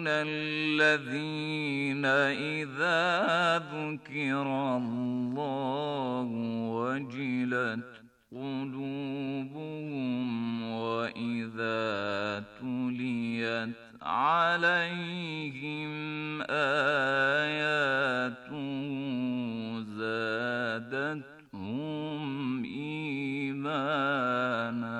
يُؤْمِنُونَ الَّذِينَ إِذَا ذُكِرَ اللَّهُ وَجِلَتْ قُلُوبُهُمْ وَإِذَا تُلِيَتْ عَلَيْهِمْ آيَاتُهُ زَادَتْهُمْ إِيمَانًا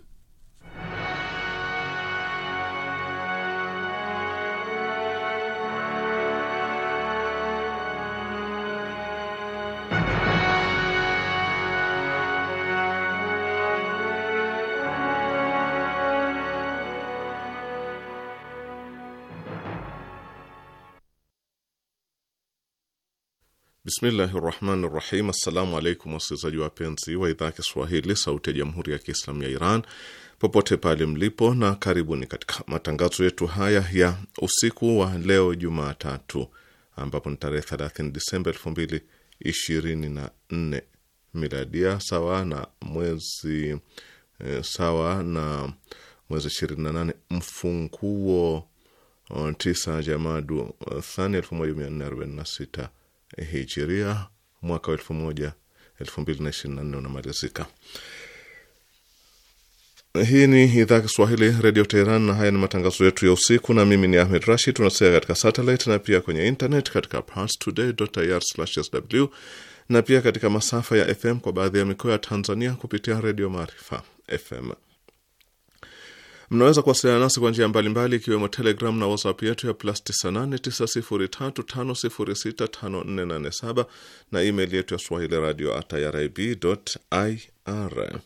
Bismillahi rahmani rahim. Assalamu alaikum wasikilizaji wapenzi wa idhaa ya Kiswahili sauti ya jamhuri ya Kiislamu ya Iran popote pale mlipo, na karibuni katika matangazo yetu haya ya usiku wa leo Jumatatu, ambapo ni tarehe 30 Disemba 2024 miladia, sawa na mwezi eh, sawa na mwezi 28 mfunguo 9 Jamadu eh, Thani 1446 hijiria mwaka wa elfu moja elfu mbili na ishirini na nne unamalizika. Hii ni idhaa ya Kiswahili redio Teheran, na haya ni matangazo yetu ya usiku, na mimi ni Ahmed Rashid. Tunasikia katika satelit na pia kwenye internet katika parstoday.ir/sw na pia katika masafa ya FM kwa baadhi ya mikoa ya Tanzania kupitia redio Maarifa FM. Mnaweza kuwasiliana nasi kwa njia mbalimbali ikiwemo Telegram na WhatsApp yetu ya plus 989035065487 na email yetu ya swahili radio at irib.ir.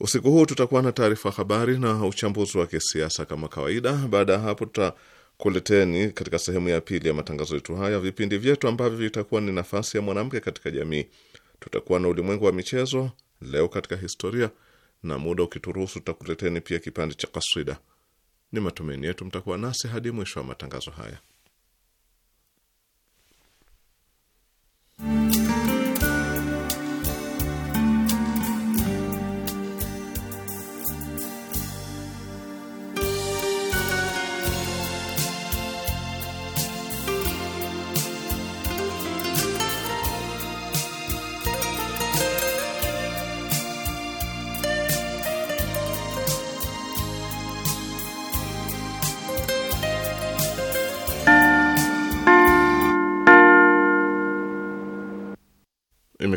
Usiku huu tutakuwa na taarifa habari na uchambuzi wa kisiasa kama kawaida. Baada ya hapo, tutakuleteni katika sehemu ya pili ya matangazo yetu haya vipindi vyetu ambavyo vitakuwa ni nafasi ya mwanamke katika jamii. Tutakuwa na ulimwengu wa michezo, leo katika historia na muda ukituruhusu, tutakuleteni pia kipande cha kaswida. Ni matumaini yetu mtakuwa nasi hadi mwisho wa matangazo haya.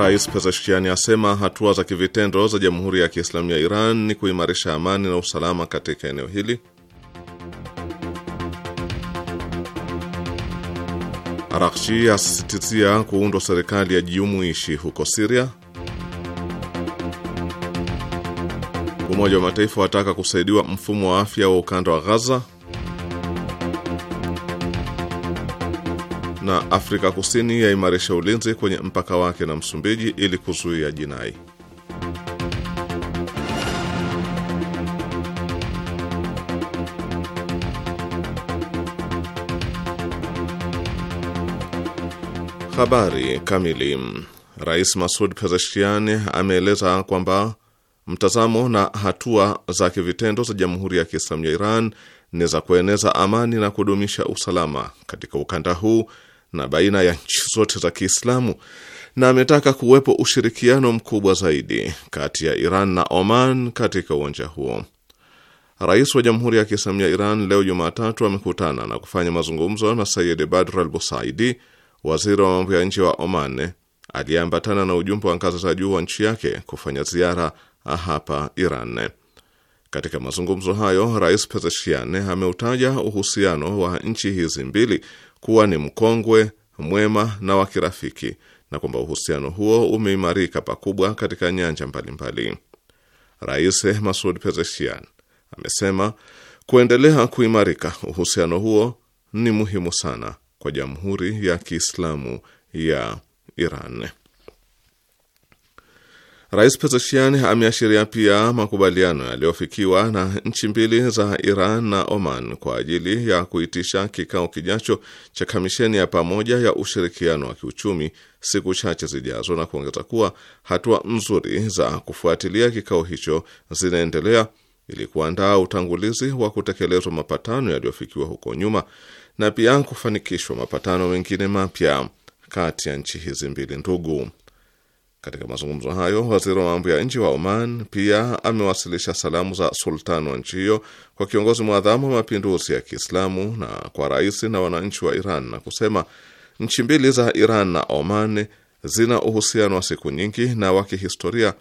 Rais Pezeshkiani asema hatua za kivitendo za Jamhuri ya Kiislamu ya Iran ni kuimarisha amani na usalama katika eneo hili. Arakshi asisitizia kuundwa serikali ya jumuishi huko Siria. Umoja wa Mataifa wataka kusaidiwa mfumo wa afya wa ukanda wa Ghaza. na Afrika Kusini yaimarisha ulinzi kwenye mpaka wake na Msumbiji ili kuzuia jinai. Habari kamili. Rais Masud Pezeshkian ameeleza kwamba mtazamo na hatua za kivitendo za Jamhuri ya Kiislamu ya Iran ni za kueneza amani na kudumisha usalama katika ukanda huu na baina ya nchi zote za Kiislamu na ametaka kuwepo ushirikiano mkubwa zaidi kati ya Iran na Oman katika uwanja huo. Rais wa Jamhuri ya Kiislamu ya Iran leo Jumatatu amekutana na kufanya mazungumzo na Sayyid Badr al Busaidi, waziri wa mambo ya nje wa Oman aliyeambatana na ujumbe wa ngazi za juu wa nchi yake kufanya ziara hapa Iran. Katika mazungumzo hayo, Rais Pezeshkian ameutaja uhusiano wa nchi hizi mbili kuwa ni mkongwe, mwema na wa kirafiki na kwamba uhusiano huo umeimarika pakubwa katika nyanja mbalimbali. Rais Masud Pezeshkian amesema kuendelea kuimarika uhusiano huo ni muhimu sana kwa Jamhuri ya Kiislamu ya Iran. Rais Pezeshkian ameashiria pia makubaliano yaliyofikiwa na nchi mbili za Iran na Oman kwa ajili ya kuitisha kikao kijacho cha kamisheni ya pamoja ya ushirikiano wa kiuchumi siku chache zijazo, na kuongeza kuwa hatua nzuri za kufuatilia kikao hicho zinaendelea ili kuandaa utangulizi wa kutekelezwa mapatano yaliyofikiwa huko nyuma na pia kufanikishwa mapatano mengine mapya kati ya nchi hizi mbili ndugu. Katika mazungumzo hayo, waziri wa mambo ya nchi wa Oman pia amewasilisha salamu za sultan wa nchi hiyo kwa kiongozi mwadhamu wa mapinduzi ya Kiislamu na kwa rais na wananchi wa Iran na kusema nchi mbili za Iran na Oman zina uhusiano wa siku nyingi na wa kihistoria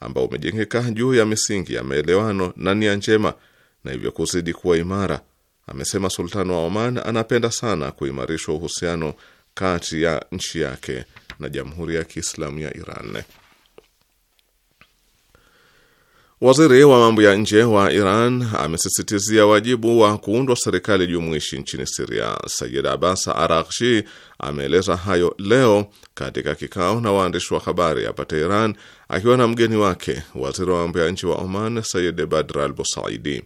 ambao umejengeka juu ya misingi ya maelewano na nia njema na hivyo kuzidi kuwa imara. Amesema sultani wa Oman anapenda sana kuimarishwa uhusiano kati ya nchi yake na Jamhuri ya Kiislamu ya Iran. Waziri wa mambo ya nje wa Iran amesisitizia wajibu wa kuundwa serikali jumuishi nchini Siria. Sayid Abbas Arakshi ameeleza hayo leo katika kikao na waandishi wa habari hapa Teheran, akiwa na mgeni wake waziri wa mambo ya nje wa Oman, Sayid Badr al Busaidi.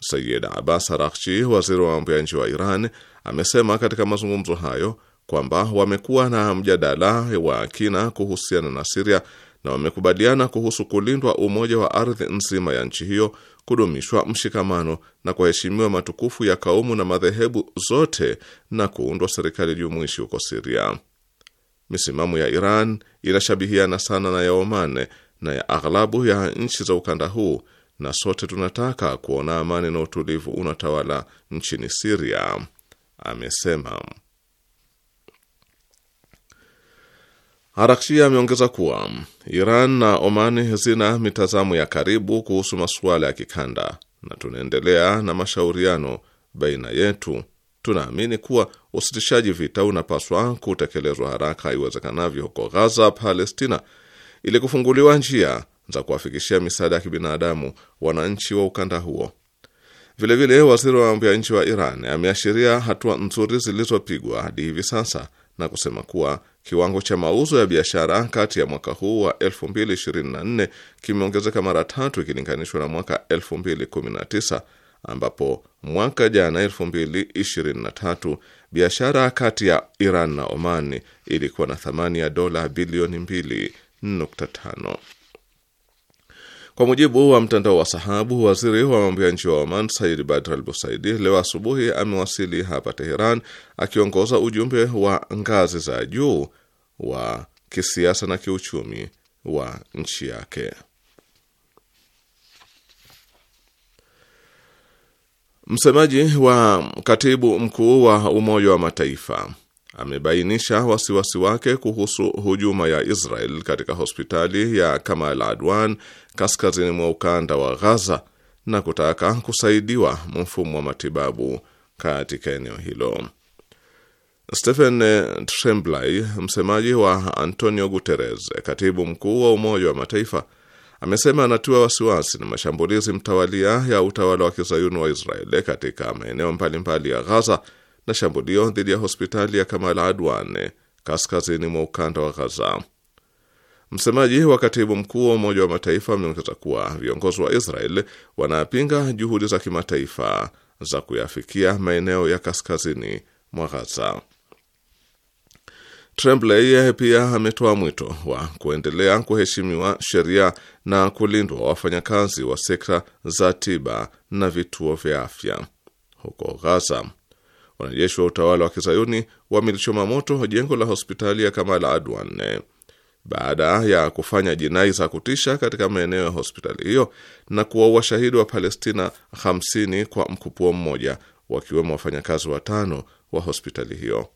Sayid Abbas Arakshi, waziri wa mambo ya nje wa Iran, amesema katika mazungumzo hayo kwamba wamekuwa na mjadala wa kina kuhusiana na Siria na wamekubaliana kuhusu kulindwa umoja wa ardhi nzima ya nchi hiyo, kudumishwa mshikamano na kuheshimiwa matukufu ya kaumu na madhehebu zote na kuundwa serikali jumuishi huko Siria. Misimamo ya Iran inashabihiana sana na ya Oman na ya aghlabu ya nchi za ukanda huu, na sote tunataka kuona amani na utulivu unatawala nchini Siria, amesema. Arakshi ameongeza kuwa Iran na oman zina mitazamo ya karibu kuhusu masuala ya kikanda na tunaendelea na mashauriano baina yetu. Tunaamini kuwa usitishaji vita unapaswa kutekelezwa haraka iwezekanavyo huko Gaza, Palestina, ili kufunguliwa njia za kuwafikishia misaada ya kibinadamu wananchi wa ukanda huo. Vilevile, waziri wa mambo ya nchi wa Iran ameashiria hatua nzuri zilizopigwa hadi hivi sasa na kusema kuwa Kiwango cha mauzo ya biashara kati ya mwaka huu wa 2024 kimeongezeka mara tatu ikilinganishwa na mwaka 2019 ambapo mwaka jana 2023 biashara kati ya Iran na Oman ilikuwa na thamani ya dola bilioni 2.5. Kwa mujibu wa mtandao wa Sahabu, waziri wa mambo ya nje wa Oman Said Badr Al Busaidi leo asubuhi amewasili hapa Teheran akiongoza ujumbe wa ngazi za juu wa kisiasa na kiuchumi wa nchi yake. Msemaji wa katibu mkuu wa Umoja wa Mataifa amebainisha wasiwasi wake kuhusu hujuma ya Israel katika hospitali ya Kamal Adwan kaskazini mwa ukanda wa Ghaza na kutaka kusaidiwa mfumo wa matibabu katika eneo hilo. Stephen Tremblay, msemaji wa Antonio Guterres, katibu mkuu wa Umoja wa Mataifa, amesema anatiwa wasiwasi na mashambulizi mtawalia ya utawala wa kizayuni wa Israel katika maeneo mbalimbali ya Ghaza na shambulio dhidi ya hospitali ya Kamal Adwan kaskazini mwa ukanda wa Ghaza. Msemaji wa katibu mkuu wa Umoja wa Mataifa ameongeza kuwa viongozi wa Israel wanapinga juhudi za kimataifa za kuyafikia maeneo ya kaskazini mwa Ghaza. Trembley pia ametoa mwito wa kuendelea kuheshimiwa sheria na kulindwa wafanyakazi wa sekta za tiba na vituo vya afya huko Ghaza. Wanajeshi wa utawala wa kizayuni wamelichoma moto jengo la hospitali ya Kamal Adwan baada ya kufanya jinai za kutisha katika maeneo ya hospitali hiyo na kuwaua shahidi wa Palestina 50 kwa mkupuo mmoja, wakiwemo wafanyakazi watano wa hospitali hiyo.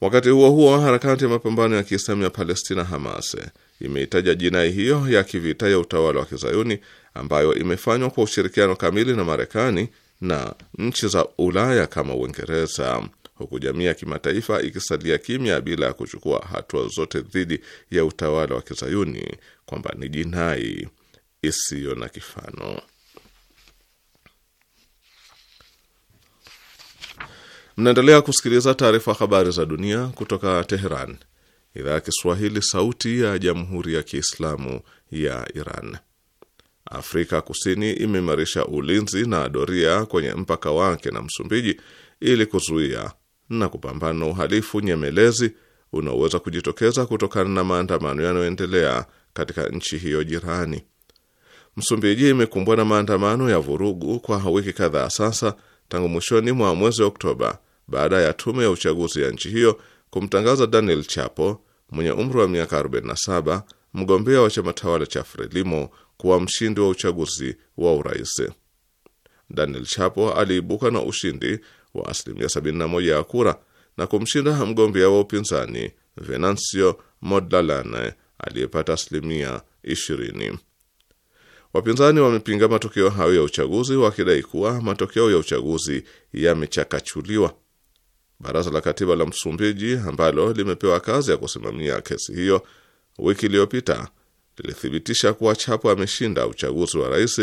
Wakati huo huo, harakati ya mapambano ya Kiislamu ya Palestina Hamas imeitaja jinai hiyo ya kivita ya utawala wa kizayuni ambayo imefanywa kwa ushirikiano kamili na Marekani na nchi za Ulaya kama Uingereza, huku jamii ya kimataifa ikisalia kimya bila ya kuchukua hatua zote dhidi ya utawala wa kizayuni kwamba ni jinai isiyo na kifano. Mnaendelea kusikiliza taarifa habari za dunia kutoka Teheran, idhaa ya Kiswahili, sauti ya jamhuri ya kiislamu ya Iran. Afrika Kusini imeimarisha ulinzi na doria kwenye mpaka wake na Msumbiji ili kuzuia na kupambana na uhalifu nyemelezi unaoweza kujitokeza kutokana na maandamano yanayoendelea katika nchi hiyo jirani. Msumbiji imekumbwa na maandamano ya vurugu kwa wiki kadhaa sasa tangu mwishoni mwa mwezi Oktoba baada ya tume ya uchaguzi ya nchi hiyo kumtangaza Daniel Chapo mwenye umri wa miaka 47 mgombea wa chama tawala cha Frelimo kuwa mshindi wa uchaguzi wa urais. Daniel Chapo aliibuka na ushindi wa asilimia 71 ya kura na kumshinda mgombea wa upinzani Venancio modlalane aliyepata asilimia 20. Wapinzani wamepinga matokeo hayo ya uchaguzi wakidai kuwa matokeo ya uchaguzi yamechakachuliwa. Baraza la Katiba la Msumbiji ambalo limepewa kazi ya kusimamia kesi hiyo, wiki iliyopita lilithibitisha kuwa Chapo ameshinda uchaguzi wa rais,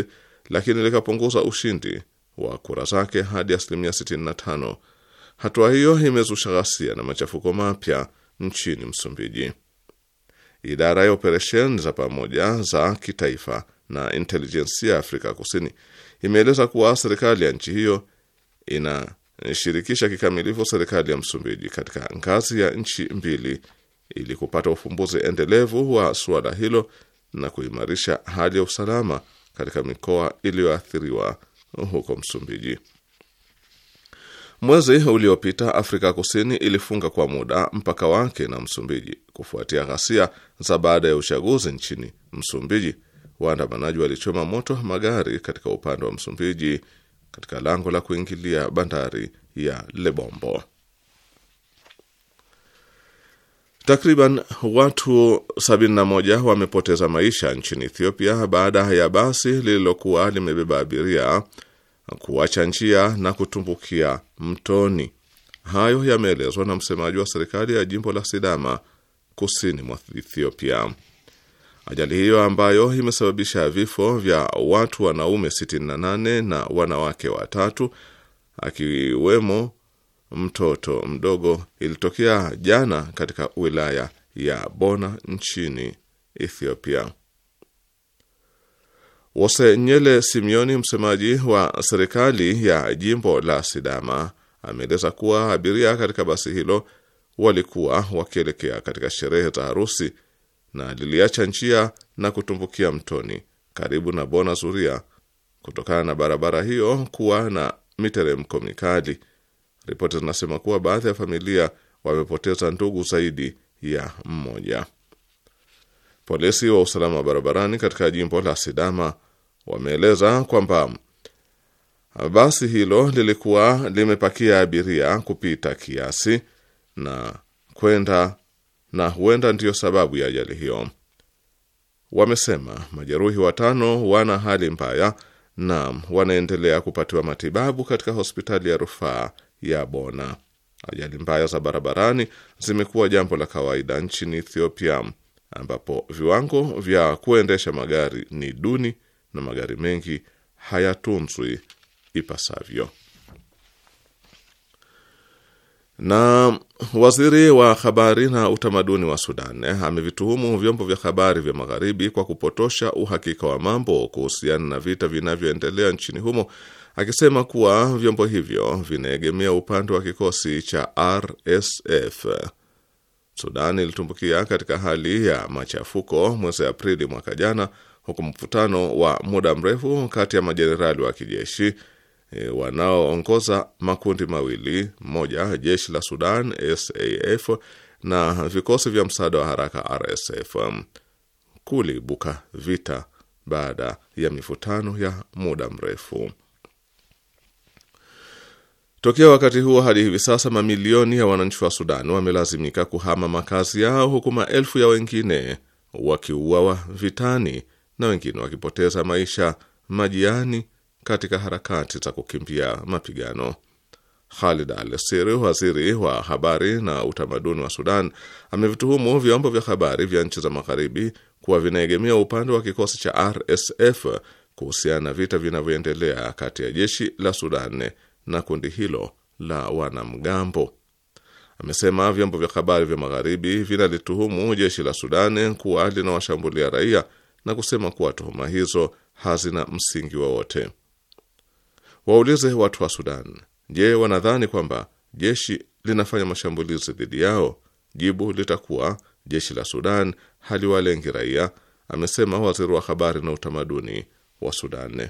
lakini likapunguza ushindi wa kura zake hadi asilimia 65. Hatua hiyo imezusha ghasia na machafuko mapya nchini Msumbiji. Idara ya operesheni za pamoja za kitaifa na intelijensia ya Afrika Kusini imeeleza kuwa serikali ya nchi hiyo inashirikisha kikamilifu serikali ya Msumbiji katika ngazi ya nchi mbili ili kupata ufumbuzi endelevu wa suala hilo na kuimarisha hali ya usalama katika mikoa iliyoathiriwa huko Msumbiji. Mwezi uliopita Afrika Kusini ilifunga kwa muda mpaka wake na Msumbiji kufuatia ghasia za baada ya uchaguzi nchini Msumbiji. Waandamanaji walichoma moto magari katika upande wa Msumbiji katika lango la kuingilia bandari ya Lebombo. Takriban watu 71 wamepoteza maisha nchini Ethiopia baada ya basi lililokuwa limebeba abiria kuacha njia na kutumbukia mtoni. Hayo yameelezwa na msemaji wa serikali ya jimbo la Sidama kusini mwa Ethiopia. Ajali hiyo ambayo imesababisha vifo vya watu wanaume 68 na wanawake watatu akiwemo mtoto mdogo ilitokea jana katika wilaya ya Bona nchini Ethiopia. Wose Nyele Simioni, msemaji wa serikali ya jimbo la Sidama, ameeleza kuwa abiria katika basi hilo walikuwa wakielekea katika sherehe za harusi na liliacha njia na kutumbukia mtoni karibu na Bona Zuria, kutokana na barabara hiyo kuwa na miteremko mikali. Ripoti zinasema kuwa baadhi ya familia wamepoteza ndugu zaidi ya mmoja. Polisi wa usalama wa barabarani katika jimbo la Sidama wameeleza kwamba basi hilo lilikuwa limepakia abiria kupita kiasi na kwenda na huenda ndiyo sababu ya ajali hiyo. Wamesema majeruhi watano wana hali mbaya na wanaendelea kupatiwa matibabu katika hospitali ya rufaa ya Bona. Ajali mbaya za barabarani zimekuwa jambo la kawaida nchini Ethiopia, ambapo viwango vya kuendesha magari ni duni na magari mengi hayatunzwi ipasavyo. Na waziri wa habari na utamaduni wa Sudan eh, amevituhumu vyombo vya habari vya magharibi kwa kupotosha uhakika wa mambo kuhusiana na vita vinavyoendelea nchini humo, akisema kuwa vyombo hivyo vinaegemea upande wa kikosi cha RSF. Sudan ilitumbukia katika hali ya machafuko mwezi Aprili mwaka jana, huku mvutano wa muda mrefu kati ya majenerali wa kijeshi e, wanaoongoza makundi mawili, moja jeshi la Sudan SAF na vikosi vya msaada wa haraka RSF, kuliibuka vita baada ya mivutano ya muda mrefu. Tokea wakati huo hadi hivi sasa mamilioni ya wananchi wa Sudan wamelazimika kuhama makazi yao huku maelfu ya wengine wakiuawa vitani na wengine wakipoteza maisha majiani katika harakati za kukimbia mapigano. Khalid Al-Siri, waziri wa habari na utamaduni wa Sudan, amevituhumu vyombo vya habari vya nchi za magharibi kuwa vinaegemea upande wa kikosi cha RSF kuhusiana na vita vinavyoendelea kati ya jeshi la Sudan na kundi hilo la wanamgambo. Amesema vyombo vya habari vya magharibi vinalituhumu jeshi la Sudan kuwa linawashambulia raia na kusema kuwa tuhuma hizo hazina msingi wowote. Waulize watu wa Sudan, je, wanadhani kwamba jeshi linafanya mashambulizi dhidi yao? Jibu litakuwa jeshi la Sudan haliwalengi raia, amesema waziri wa habari na utamaduni wa Sudan.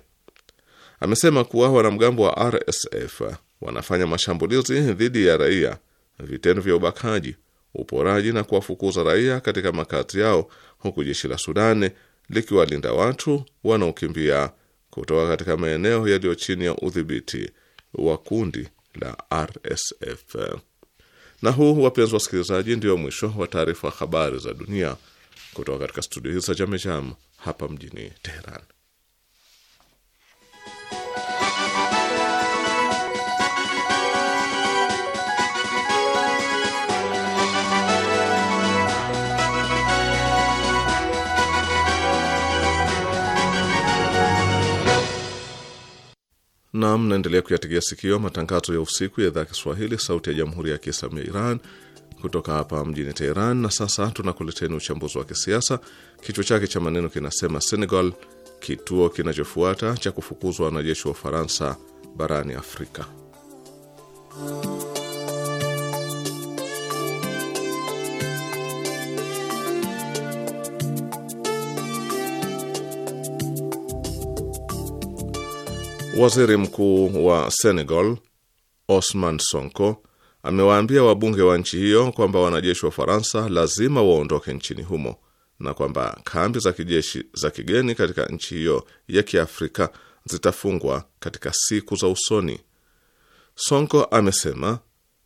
Amesema kuwa wanamgambo wa RSF wanafanya mashambulizi dhidi ya raia, vitendo vya ubakaji, uporaji na kuwafukuza raia katika makazi yao, huku jeshi la Sudan likiwalinda watu wanaokimbia kutoka katika maeneo yaliyo chini ya udhibiti wa kundi la RSF. Na huu, wapenzi wasikilizaji, ndio mwisho wa taarifa habari za dunia kutoka katika studio hizi za Jamejam hapa mjini Teheran. na mnaendelea kuyategea sikio matangazo ya usiku ya idhaa Kiswahili, sauti ya jamhuri ya kiislamu ya Iran kutoka hapa mjini Teheran. Na sasa tunakuleteni uchambuzi wa kisiasa, kichwa chake cha maneno kinasema Senegal, kituo kinachofuata cha kufukuzwa wanajeshi wa Ufaransa barani Afrika. Waziri mkuu wa Senegal Osman Sonko amewaambia wabunge wa nchi hiyo kwamba wanajeshi wa Ufaransa lazima waondoke nchini humo na kwamba kambi za kijeshi za kigeni katika nchi hiyo ya Kiafrika zitafungwa katika siku za usoni. Sonko amesema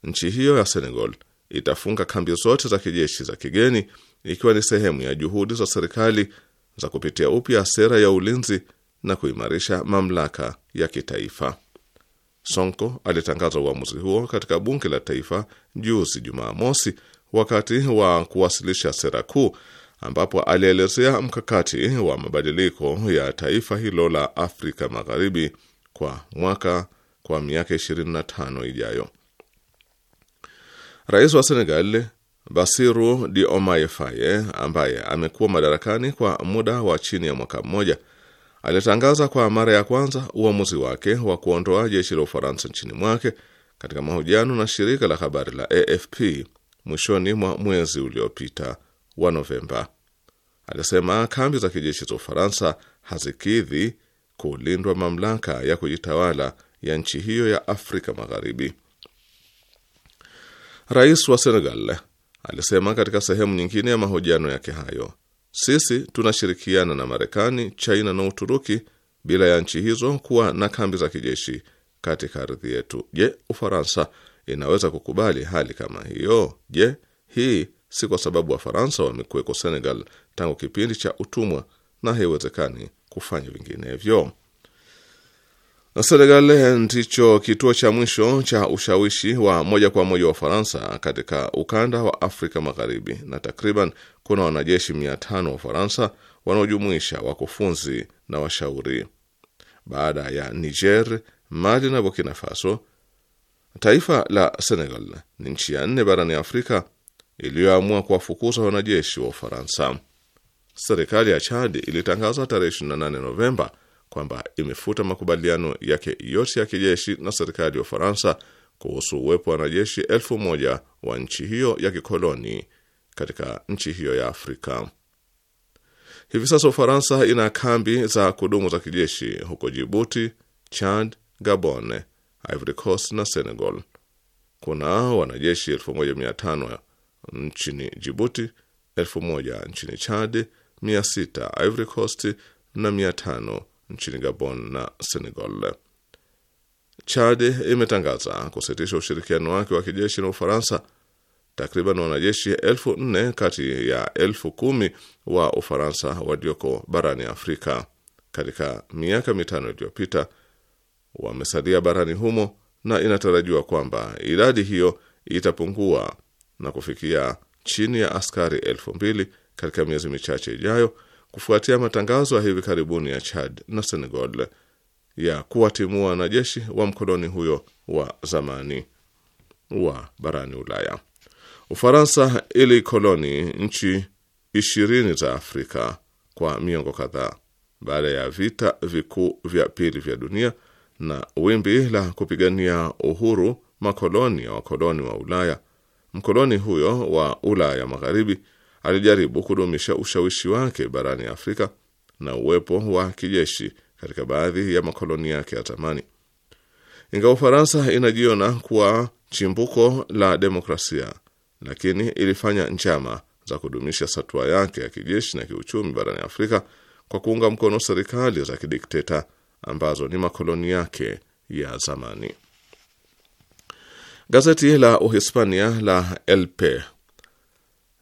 nchi hiyo ya Senegal itafunga kambi zote za kijeshi za kigeni ikiwa ni sehemu ya juhudi za serikali za kupitia upya sera ya ulinzi na kuimarisha mamlaka ya kitaifa. Sonko alitangaza uamuzi huo katika bunge la taifa juzi Jumamosi, wakati wa kuwasilisha sera kuu, ambapo alielezea mkakati wa mabadiliko ya taifa hilo la Afrika Magharibi kwa mwaka kwa miaka 25 ijayo. Rais wa Senegal Basiru Diomaye Faye ambaye amekuwa madarakani kwa muda wa chini ya mwaka mmoja alitangaza kwa mara ya kwanza uamuzi wake wa kuondoa jeshi la Ufaransa nchini mwake katika mahojiano na shirika la habari la AFP mwishoni mwa mwezi uliopita wa Novemba. Alisema kambi za kijeshi za Ufaransa hazikidhi kulindwa mamlaka ya kujitawala ya nchi hiyo ya Afrika Magharibi. Rais wa Senegal alisema katika sehemu nyingine ya mahojiano yake hayo sisi tunashirikiana na Marekani, China na Uturuki bila ya nchi hizo kuwa na kambi za kijeshi katika ardhi yetu. Je, Ufaransa inaweza kukubali hali kama hiyo? Je, hii si kwa sababu Wafaransa wamekuweko Senegal tangu kipindi cha utumwa na haiwezekani kufanya vinginevyo. Senegal ndicho kituo cha mwisho cha ushawishi wa moja kwa moja wa Ufaransa katika ukanda wa Afrika Magharibi, na takriban kuna wanajeshi mia tano wa Ufaransa wanaojumuisha wakufunzi na washauri. Baada ya Niger, Mali na Burkina Faso, taifa la Senegal ni nchi ya nne barani Afrika iliyoamua kuwafukuza wanajeshi wa Ufaransa. Serikali ya Chad ilitangaza tarehe 28 Novemba kwamba imefuta makubaliano yake yote ya kijeshi na serikali ya Ufaransa kuhusu uwepo wa wanajeshi elfu moja wa nchi hiyo ya kikoloni katika nchi hiyo ya Afrika. Hivi sasa Ufaransa ina kambi za kudumu za kijeshi huko Jibuti, Chad, Gabon, Ivory Coast na Senegal. Kuna wanajeshi tano nchini Jibuti, moja nchini Chad, 600 Ivory Coast na tano nchini Gabon na Senegal. Chad imetangaza kusitisha ushirikiano wake wa kijeshi na Ufaransa. Takriban wanajeshi elfu nne kati ya elfu kumi wa Ufaransa walioko barani Afrika katika miaka mitano iliyopita wamesalia barani humo na inatarajiwa kwamba idadi hiyo itapungua na kufikia chini ya askari elfu mbili katika miezi michache ijayo kufuatia matangazo ya hivi karibuni ya Chad na Senegal ya kuwatimua wanajeshi wa mkoloni huyo wa zamani wa barani Ulaya. Ufaransa ili koloni nchi ishirini za Afrika kwa miongo kadhaa baada ya vita vikuu vya pili vya dunia na wimbi la kupigania uhuru makoloni ya wakoloni wa Ulaya. Mkoloni huyo wa Ulaya Magharibi alijaribu kudumisha ushawishi wake barani Afrika na uwepo wa kijeshi katika baadhi ya makoloni yake ya zamani. Ingawa Ufaransa inajiona kuwa chimbuko la demokrasia, lakini ilifanya njama za kudumisha satua yake ya kijeshi na kiuchumi barani Afrika kwa kuunga mkono serikali za kidikteta ambazo ni makoloni yake ya zamani. Gazeti la Uhispania la lp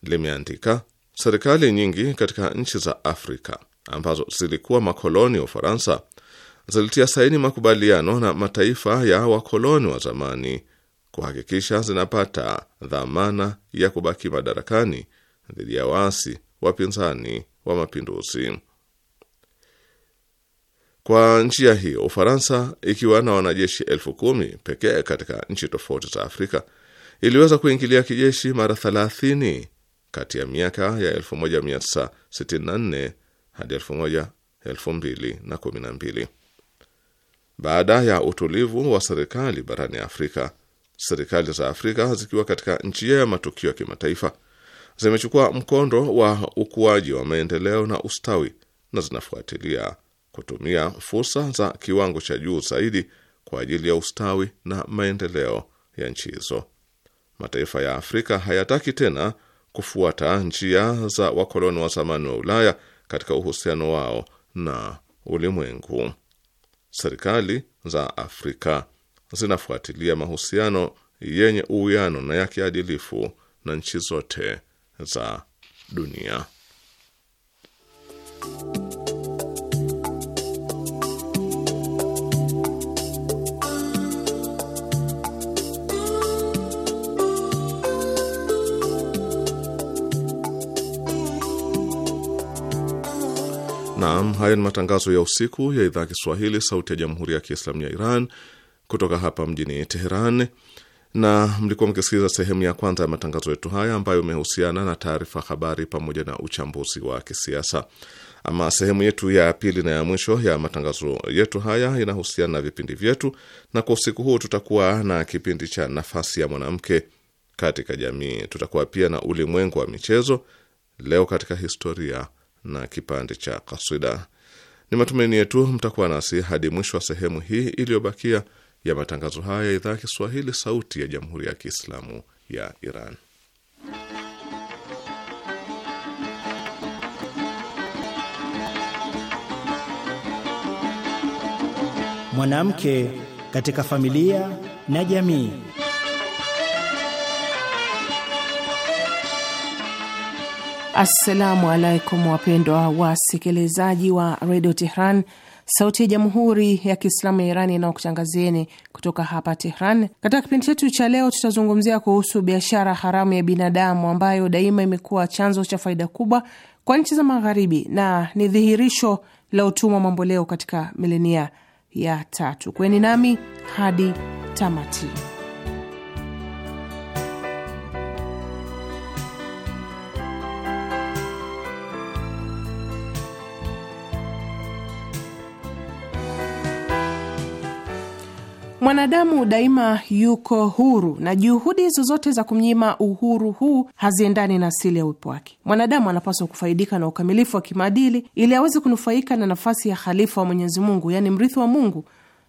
limeandika serikali nyingi katika nchi za Afrika ambazo zilikuwa makoloni wa Ufaransa zilitia saini makubaliano na mataifa ya wakoloni wa zamani kuhakikisha zinapata dhamana ya kubaki madarakani dhidi ya waasi wapinzani wa mapinduzi. Kwa njia hiyo, Ufaransa ikiwa na wanajeshi elfu kumi pekee katika nchi tofauti za Afrika iliweza kuingilia kijeshi mara thelathini kati ya miaka ya 1964 hadi 2012. Baada ya utulivu wa serikali barani Afrika, serikali za Afrika zikiwa katika njia ya matukio ya kimataifa zimechukua mkondo wa ukuaji wa maendeleo na ustawi na zinafuatilia kutumia fursa za kiwango cha juu zaidi kwa ajili ya ustawi na maendeleo ya nchi hizo. Mataifa ya Afrika hayataki tena kufuata njia za wakoloni wa zamani wa Ulaya katika uhusiano wao na ulimwengu. Serikali za Afrika zinafuatilia mahusiano yenye uwiano na ya kiadilifu na nchi zote za dunia. Naam, haya ni matangazo ya usiku ya idhaa ya Kiswahili sauti ya Jamhuri ya Kiislamu ya Iran kutoka hapa mjini Teheran, na mlikuwa mkisikiliza sehemu ya kwanza ya matangazo yetu haya ambayo imehusiana na taarifa habari pamoja na uchambuzi wa kisiasa. Ama sehemu yetu ya pili na ya mwisho ya matangazo yetu haya inahusiana na vipindi vyetu, na kwa usiku huu tutakuwa na kipindi cha nafasi ya mwanamke katika jamii. Tutakuwa pia na ulimwengu wa michezo, leo katika historia na kipande cha kasida. Ni matumaini yetu mtakuwa nasi hadi mwisho wa sehemu hii iliyobakia ya matangazo haya ya idhaa ya Kiswahili, Sauti ya Jamhuri ya Kiislamu ya Iran. Mwanamke katika familia na jamii. Assalamu alaikum wapendwa wasikilizaji wa redio Tehran, sauti ya jamhuri ya kiislamu ya Iran inayokutangazieni kutoka hapa Tehran. Katika kipindi chetu cha leo, tutazungumzia kuhusu biashara haramu ya binadamu ambayo daima imekuwa chanzo cha faida kubwa kwa nchi za Magharibi na ni dhihirisho la utumwa mamboleo katika milenia ya tatu. Kweni nami hadi tamati. Mwanadamu daima yuko huru na juhudi zozote za kumnyima uhuru huu haziendani na asili ya uwepo wake. Mwanadamu anapaswa kufaidika na ukamilifu wa kimaadili ili aweze kunufaika na nafasi ya khalifa wa Mwenyezi Mungu, yaani mrithi wa Mungu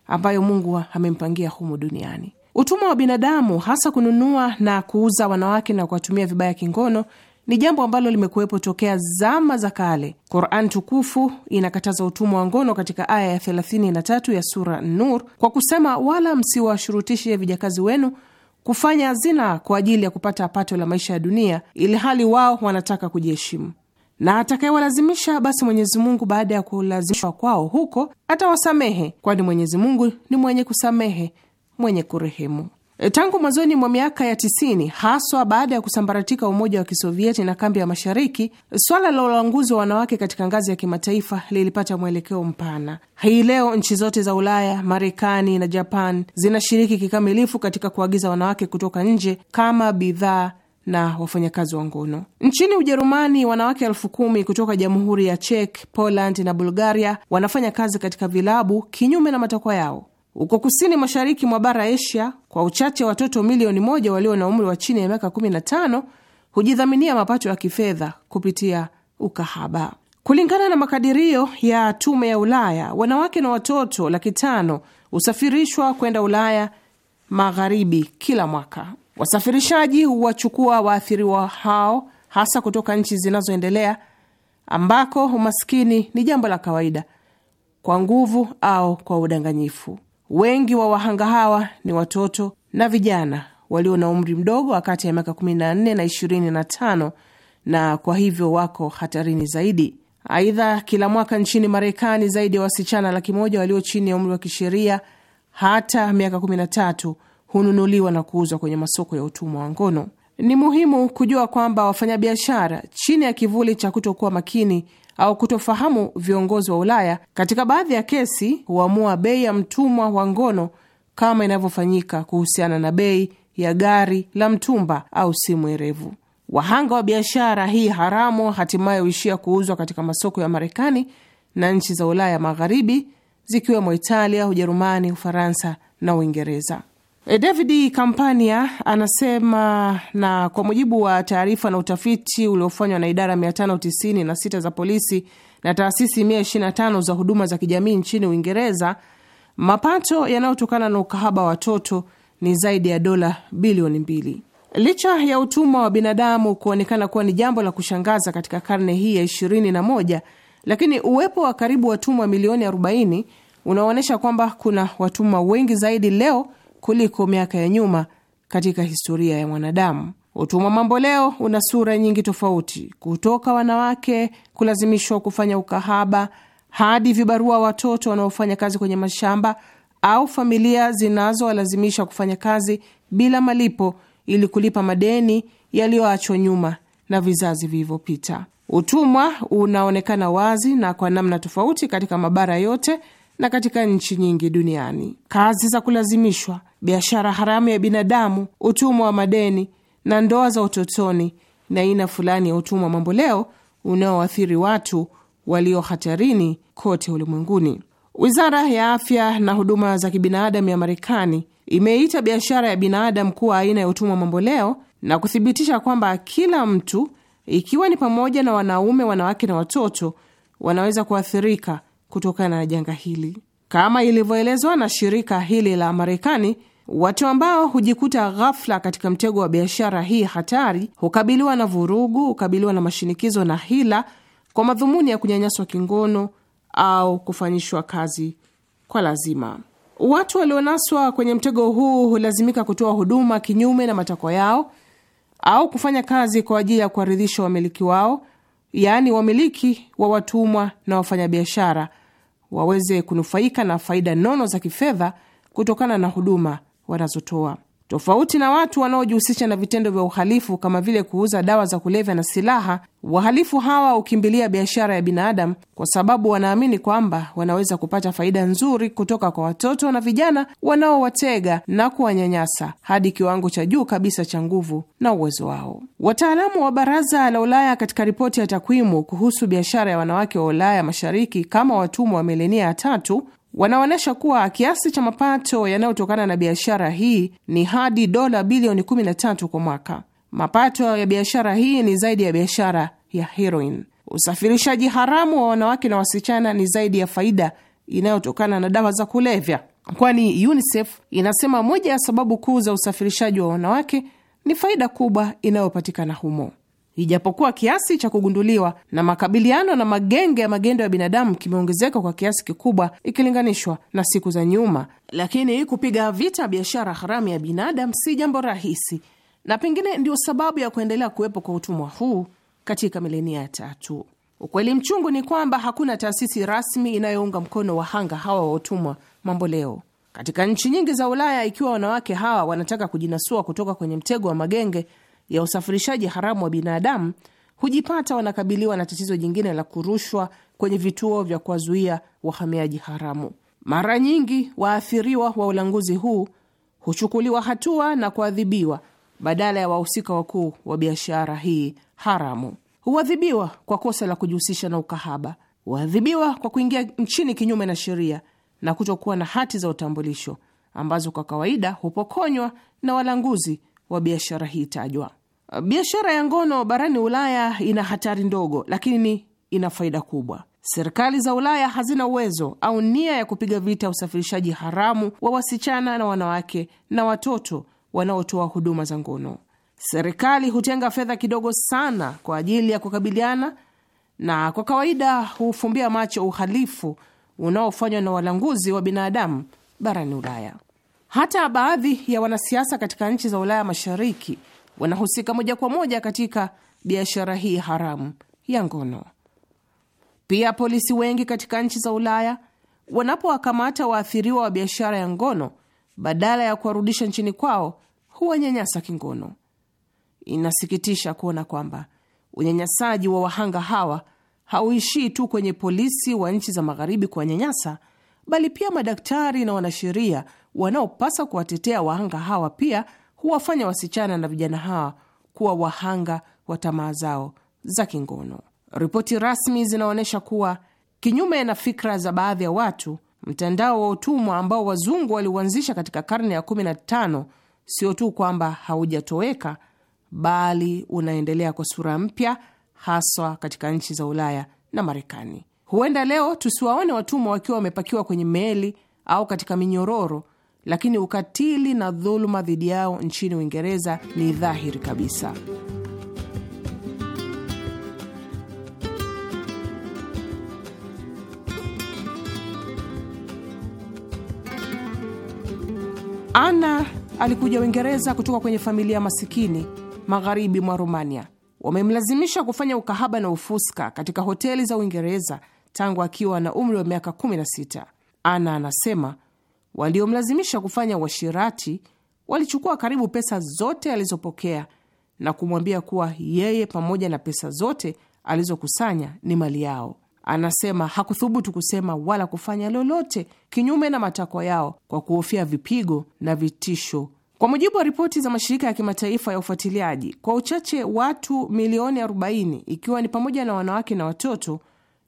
ambayo Mungu amempangia humu duniani. Utumwa wa binadamu, hasa kununua na kuuza wanawake na kuwatumia vibaya kingono, ni jambo ambalo limekuwepo tokea zama za kale. Quran tukufu inakataza utumwa wa ngono katika aya ya 33 ya sura Nur kwa kusema, wala msiwashurutishe vijakazi wenu kufanya zina kwa ajili ya kupata pato la maisha ya dunia, ili hali wao wanataka kujiheshimu na atakayewalazimisha basi Mwenyezi Mungu baada ya kulazimishwa kwao huko atawasamehe, kwani Mwenyezi Mungu ni mwenye kusamehe mwenye kurehemu. E, tangu mwanzoni mwa miaka ya tisini haswa baada ya kusambaratika Umoja wa Kisovieti na kambi ya Mashariki, swala la ulanguzi wa wanawake katika ngazi ya kimataifa lilipata mwelekeo mpana. Hii leo nchi zote za Ulaya, Marekani na Japan zinashiriki kikamilifu katika kuagiza wanawake kutoka nje kama bidhaa na wafanyakazi wa ngono. Nchini Ujerumani, wanawake elfu kumi kutoka jamhuri ya Czech, Poland na Bulgaria wanafanya kazi katika vilabu kinyume na matakwa yao. Uko kusini mashariki mwa bara Asia, kwa uchache watoto milioni moja walio na umri wa chini ya miaka 15 hujidhaminia mapato ya kifedha kupitia ukahaba. Kulingana na makadirio ya tume ya Ulaya, wanawake na watoto laki tano husafirishwa kwenda Ulaya Magharibi kila mwaka. Wasafirishaji huwachukua waathiriwa hao hasa kutoka nchi zinazoendelea ambako umaskini ni jambo la kawaida, kwa nguvu au kwa udanganyifu. Wengi wa wahanga hawa ni watoto na vijana walio na umri mdogo wa kati ya miaka 14 na 25, na kwa hivyo wako hatarini zaidi. Aidha, kila mwaka nchini Marekani zaidi ya wasichana laki moja walio chini ya umri wa kisheria hata miaka 13 hununuliwa na kuuzwa kwenye masoko ya utumwa wa ngono. Ni muhimu kujua kwamba wafanyabiashara chini ya kivuli cha kutokuwa makini au kutofahamu viongozi wa Ulaya katika baadhi ya kesi huamua bei ya mtumwa wa ngono kama inavyofanyika kuhusiana na bei ya gari la mtumba au simu erevu. Wahanga wa biashara hii haramu hatimaye huishia kuuzwa katika masoko ya Marekani na nchi za Ulaya Magharibi, zikiwemo Italia, Ujerumani, Ufaransa na Uingereza. E, David Kampania anasema, na kwa mujibu wa taarifa na utafiti uliofanywa na idara 596 za polisi na taasisi 125 za huduma za kijamii nchini Uingereza, mapato yanayotokana na ukahaba wa watoto ni zaidi ya dola bilioni mbili. Licha ya utumwa wa binadamu kuonekana kuwa ni jambo la kushangaza katika karne hii ya 21, lakini uwepo wa karibu watumwa milioni 40 unaonyesha kwamba kuna watumwa wengi zaidi leo kuliko miaka ya nyuma katika historia ya mwanadamu. Utumwa mamboleo una sura nyingi tofauti, kutoka wanawake kulazimishwa kufanya ukahaba hadi vibarua watoto wanaofanya kazi kwenye mashamba au familia zinazowalazimisha kufanya kazi bila malipo ili kulipa madeni yaliyoachwa nyuma na vizazi vilivyopita. Utumwa unaonekana wazi na kwa namna tofauti katika mabara yote na katika nchi nyingi duniani. Kazi za kulazimishwa biashara haramu ya binadamu, utumwa wa madeni na ndoa za utotoni na aina fulani ya utumwa mamboleo unaoathiri watu walio hatarini kote ulimwenguni. Wizara ya afya na huduma za kibinadamu ya Marekani imeita biashara ya binadamu kuwa aina ya utumwa mamboleo na kuthibitisha kwamba kila mtu, ikiwa ni pamoja na wanaume, wanawake na watoto, wanaweza kuathirika kutokana na janga hili. Kama ilivyoelezwa na shirika hili la Marekani, watu ambao hujikuta ghafla katika mtego wa biashara hii hatari hukabiliwa na vurugu, hukabiliwa na mashinikizo na hila kwa madhumuni ya kunyanyaswa kingono au kufanyishwa kazi kwa lazima. Watu walionaswa kwenye mtego huu hulazimika kutoa huduma kinyume na matakwa yao au kufanya kazi kwa ajili ya kuwaridhisha wamiliki wao, yaani wamiliki wa watumwa na wafanyabiashara waweze kunufaika na faida nono za kifedha kutokana na huduma wanazotoa. Tofauti na watu wanaojihusisha na vitendo vya uhalifu kama vile kuuza dawa za kulevya na silaha, wahalifu hawa hukimbilia biashara ya binadamu kwa sababu wanaamini kwamba wanaweza kupata faida nzuri kutoka kwa watoto na vijana wanaowatega na kuwanyanyasa hadi kiwango cha juu kabisa cha nguvu na uwezo wao. Wataalamu wa Baraza la Ulaya katika ripoti ya takwimu kuhusu biashara ya wanawake wa Ulaya Mashariki kama watumwa wa milenia ya tatu wanaonyesha kuwa kiasi cha mapato yanayotokana na biashara hii ni hadi dola bilioni 13 kwa mwaka. Mapato ya biashara hii ni zaidi ya biashara ya heroin. Usafirishaji haramu wa wanawake na wasichana ni zaidi ya faida inayotokana na dawa za kulevya, kwani UNICEF inasema moja ya sababu kuu za usafirishaji wa wanawake ni faida kubwa inayopatikana humo ijapokuwa kiasi cha kugunduliwa na makabiliano na magenge ya magendo ya binadamu kimeongezeka kwa kiasi kikubwa ikilinganishwa na siku za nyuma, lakini kupiga vita biashara haramu ya binadamu si jambo rahisi, na pengine ndio sababu ya kuendelea kuwepo kwa utumwa huu katika milenia ya tatu. Ukweli mchungu ni kwamba hakuna taasisi rasmi inayounga mkono wahanga hawa wa utumwa mambo leo katika nchi nyingi za Ulaya. Ikiwa wanawake hawa wanataka kujinasua kutoka kwenye mtego wa magenge ya usafirishaji haramu wa binadamu hujipata wanakabiliwa na tatizo jingine la kurushwa kwenye vituo vya kuwazuia wahamiaji haramu. Mara nyingi waathiriwa wa ulanguzi huu huchukuliwa hatua na kuadhibiwa badala ya wahusika wakuu wa biashara hii haramu. Huadhibiwa kwa kosa la kujihusisha na ukahaba, huadhibiwa kwa kuingia nchini kinyume na sheria na kutokuwa na hati za utambulisho ambazo kwa kawaida hupokonywa na walanguzi wa biashara hii tajwa. Biashara ya ngono barani Ulaya ina hatari ndogo, lakini ina faida kubwa. Serikali za Ulaya hazina uwezo au nia ya kupiga vita usafirishaji haramu wa wasichana na wanawake na watoto wanaotoa huduma za ngono. Serikali hutenga fedha kidogo sana kwa ajili ya kukabiliana na kwa kawaida hufumbia macho uhalifu unaofanywa na walanguzi wa binadamu barani Ulaya. Hata baadhi ya wanasiasa katika nchi za Ulaya Mashariki wanahusika moja kwa moja katika biashara hii haramu ya ngono. Pia polisi wengi katika nchi za Ulaya wanapowakamata waathiriwa wa biashara ya ngono, badala ya kuwarudisha nchini kwao huwanyanyasa kingono. Inasikitisha kuona kwamba unyanyasaji wa wahanga hawa hauishii tu kwenye polisi wa nchi za magharibi kuwanyanyasa bali pia madaktari na wanasheria wanaopaswa kuwatetea wahanga hawa pia huwafanya wasichana na vijana hawa kuwa wahanga wa tamaa zao za kingono. Ripoti rasmi zinaonyesha kuwa kinyume na fikra za baadhi ya watu, mtandao wa utumwa ambao wazungu waliuanzisha katika karne ya 15 sio tu kwamba haujatoweka, bali unaendelea kwa sura mpya, haswa katika nchi za Ulaya na Marekani. Huenda leo tusiwaone watumwa wakiwa wamepakiwa kwenye meli au katika minyororo, lakini ukatili na dhuluma dhidi yao nchini Uingereza ni dhahiri kabisa. Ana alikuja Uingereza kutoka kwenye familia masikini magharibi mwa Romania. Wamemlazimisha kufanya ukahaba na ufuska katika hoteli za Uingereza tangu akiwa na umri wa miaka 16. Ana anasema waliomlazimisha kufanya uashirati walichukua karibu pesa zote alizopokea na kumwambia kuwa yeye pamoja na pesa zote alizokusanya ni mali yao. Anasema hakuthubutu kusema wala kufanya lolote kinyume na matakwa yao kwa kuhofia vipigo na vitisho. Kwa mujibu wa ripoti za mashirika ya kimataifa ya ufuatiliaji, kwa uchache watu milioni 40 ikiwa ni pamoja na wanawake na watoto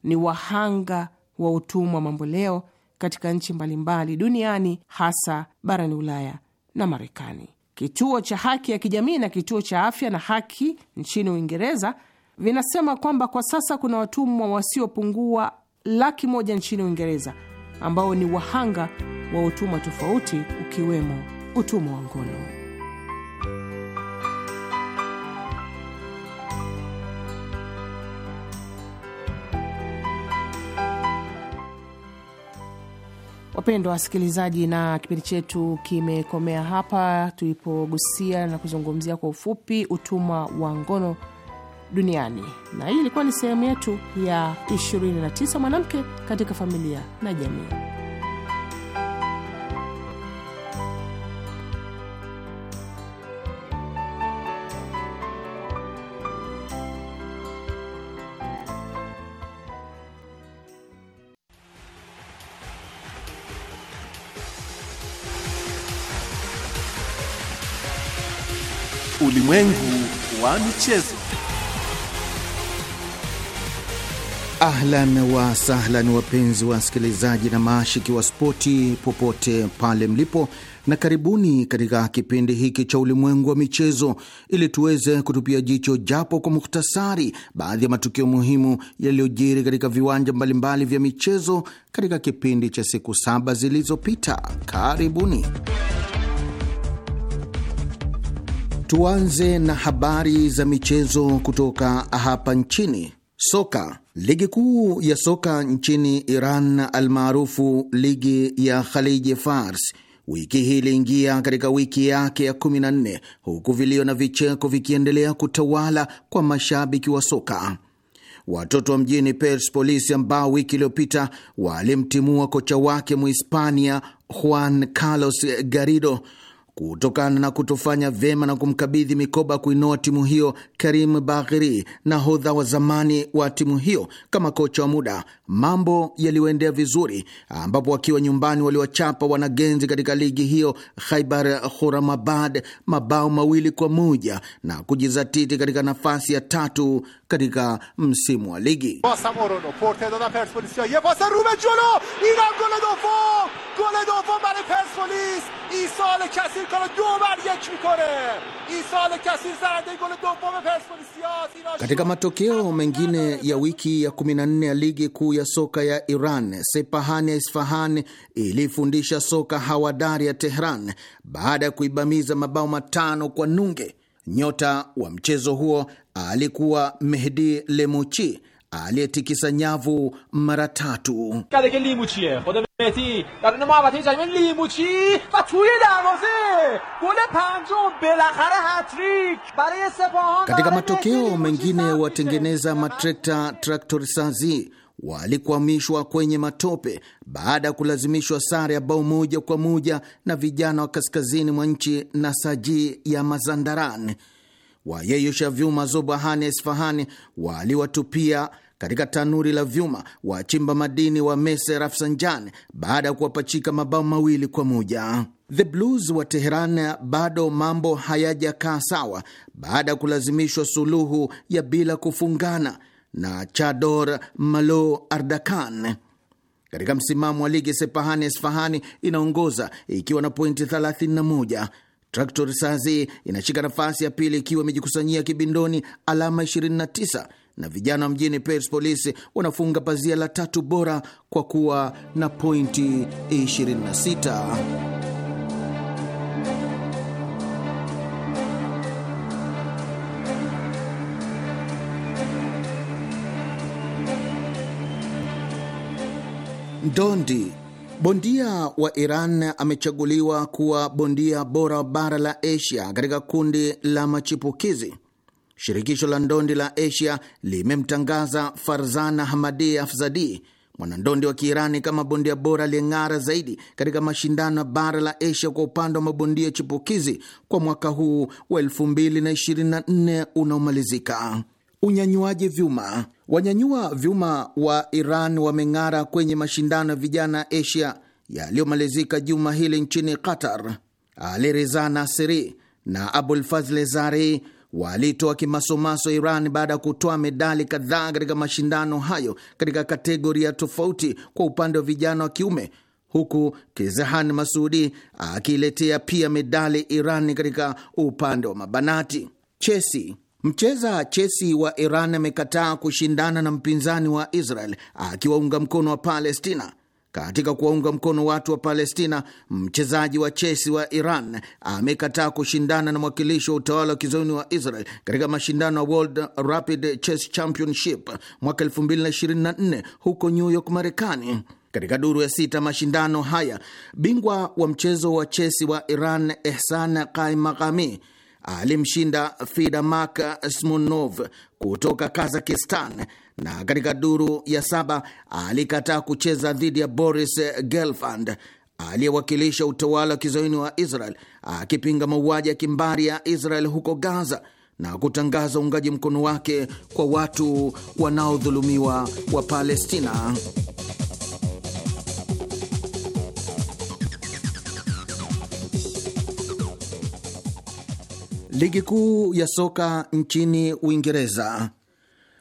ni wahanga wa utumwa mamboleo katika nchi mbalimbali duniani hasa barani Ulaya na Marekani. Kituo cha haki ya kijamii na kituo cha afya na haki nchini Uingereza vinasema kwamba kwa sasa kuna watumwa wasiopungua laki moja nchini Uingereza ambao ni wahanga wa utumwa tofauti, ukiwemo utumwa wa ngono. Wapendwa wasikilizaji, na kipindi chetu kimekomea hapa tulipogusia na kuzungumzia kwa ufupi utumwa wa ngono duniani, na hii ilikuwa ni sehemu yetu ya 29 mwanamke katika familia na jamii. Ulimwengu wa michezo. Ahlan wa sahlan, wapenzi wa wasikilizaji na maashiki wa spoti popote pale mlipo, na karibuni katika kipindi hiki cha ulimwengu wa michezo, ili tuweze kutupia jicho japo kwa muhtasari baadhi ya matukio muhimu yaliyojiri katika viwanja mbalimbali vya michezo katika kipindi cha siku saba zilizopita. Karibuni. Tuanze na habari za michezo kutoka hapa nchini. Soka. Ligi kuu ya soka nchini Iran almaarufu ligi ya Khaliji Fars wiki hii iliingia katika wiki yake ya 14 huku vilio na vicheko vikiendelea kutawala kwa mashabiki wa soka. Watoto wa mjini Persepolis ambao wiki iliyopita walimtimua kocha wake Muhispania Juan Carlos Garrido kutokana na kutofanya vyema na kumkabidhi mikoba kuinoa timu hiyo Karim Baghiri, nahodha wa zamani wa timu hiyo, kama kocha wa muda, mambo yaliyoendea vizuri, ambapo wakiwa nyumbani waliwachapa wanagenzi katika ligi hiyo Khaibar Khurramabad mabao mawili kwa moja na kujizatiti katika nafasi ya tatu katika msimu wa ligi. ایسال کسیر کار دو بر یک میکنه ایسال کسیر زرنده گل دوم پرسپولیس Katika matokeo mengine ya wiki ya 14 ya ligi kuu ya soka ya Iran, Sepahan ya Isfahan ilifundisha soka hawadari ya Tehran baada ya kuibamiza mabao matano kwa nunge. Nyota wa mchezo huo alikuwa Mehdi lemuchi aliyetikisa nyavu mara tatu. Katika matokeo mengine watengeneza matrekta traktor sazi walikwamishwa kwenye matope baada ya kulazimishwa sare ya bao moja kwa moja na vijana wa kaskazini mwa nchi na saji ya Mazandaran. Wayeyusha vyuma Zobahani ya Isfahani waliwatupia katika tanuri la vyuma wachimba madini wa Mese rafsanjan baada ya kuwapachika mabao mawili kwa moja. The Blues wa Teheran bado mambo hayajakaa sawa baada ya kulazimishwa suluhu ya bila kufungana na Chador Malo Ardakan. Katika msimamo wa ligi Sepahani Esfahani inaongoza ikiwa na pointi 31 Traktor Sazi inashika nafasi ya pili ikiwa imejikusanyia kibindoni alama 29 na vijana wa mjini Persepolis wanafunga pazia la tatu bora kwa kuwa na pointi 26. Ndondi Bondia wa Iran amechaguliwa kuwa bondia bora wa bara la Asia katika kundi la machipukizi. Shirikisho la ndondi la Asia limemtangaza Farzana Hamadi Afzadi, mwanandondi wa Kiirani, kama bondia bora aliyeng'ara zaidi katika mashindano ya bara la Asia kwa upande wa mabondia chipukizi kwa mwaka huu wa 2024 unaomalizika. Unyanyuaji vyuma. Wanyanyua vyuma wa Iran wameng'ara kwenye mashindano ya vijana Asia yaliyomalizika juma hili nchini Qatar. Ali Reza Nasiri na Abulfazl Zari walitoa kimasomaso Iran baada ya kutoa medali kadhaa katika mashindano hayo katika kategoria tofauti kwa upande wa vijana wa kiume, huku kizehan Masudi akiiletea pia medali Iran katika upande wa mabanati. Chesi Mcheza chesi wa Iran amekataa kushindana na mpinzani wa Israel akiwaunga mkono wa Palestina. Katika kuwaunga mkono watu wa Palestina, mchezaji wa chesi wa Iran amekataa kushindana na mwakilishi wa utawala wa kizayuni wa Israel katika mashindano ya World Rapid Chess Championship mwaka 2024 huko New York, Marekani. Katika duru ya sita mashindano haya, bingwa wa mchezo wa chesi wa Iran Ehsan maghami alimshinda Fidamak Smunov kutoka Kazakistan, na katika duru ya saba alikataa kucheza dhidi ya Boris Gelfand aliyewakilisha utawala wa kizoini wa Israel akipinga mauaji ya kimbari ya Israel huko Gaza na kutangaza uungaji mkono wake kwa watu wanaodhulumiwa wa Palestina. Ligi kuu ya soka nchini Uingereza.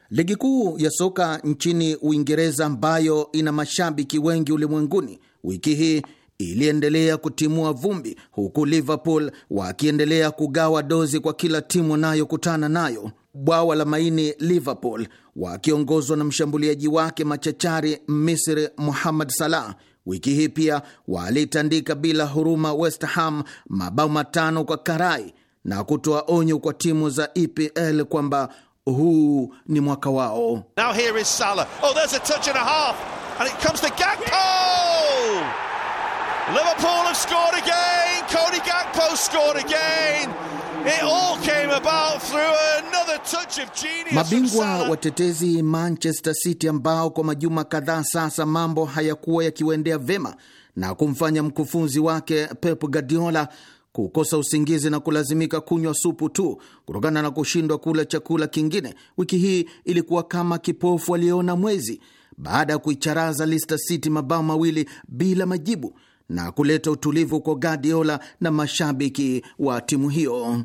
Ligi kuu ya soka nchini Uingereza, ambayo ina mashabiki wengi ulimwenguni, wiki hii iliendelea kutimua vumbi, huku Liverpool wakiendelea kugawa dozi kwa kila timu wanayokutana nayo. Bwawa la maini Liverpool wakiongozwa na mshambuliaji wake machachari Misri Muhammad Salah wiki hii pia walitandika bila huruma West Ham mabao matano kwa karai na kutoa onyo kwa timu za EPL kwamba huu ni mwaka wao. Now here is Salah. Oh, there's a touch and a half. And it comes to Gakpo. Liverpool have scored again. Cody Gakpo scored again. It all came about through another touch of genius. Mabingwa watetezi Manchester City ambao kwa majuma kadhaa sasa mambo hayakuwa yakiwaendea vema na kumfanya mkufunzi wake Pep Guardiola kukosa usingizi na kulazimika kunywa supu tu kutokana na kushindwa kula chakula kingine. Wiki hii ilikuwa kama kipofu aliyeona mwezi baada ya kuicharaza Leicester City mabao mawili bila majibu na kuleta utulivu kwa Guardiola na mashabiki wa timu hiyo.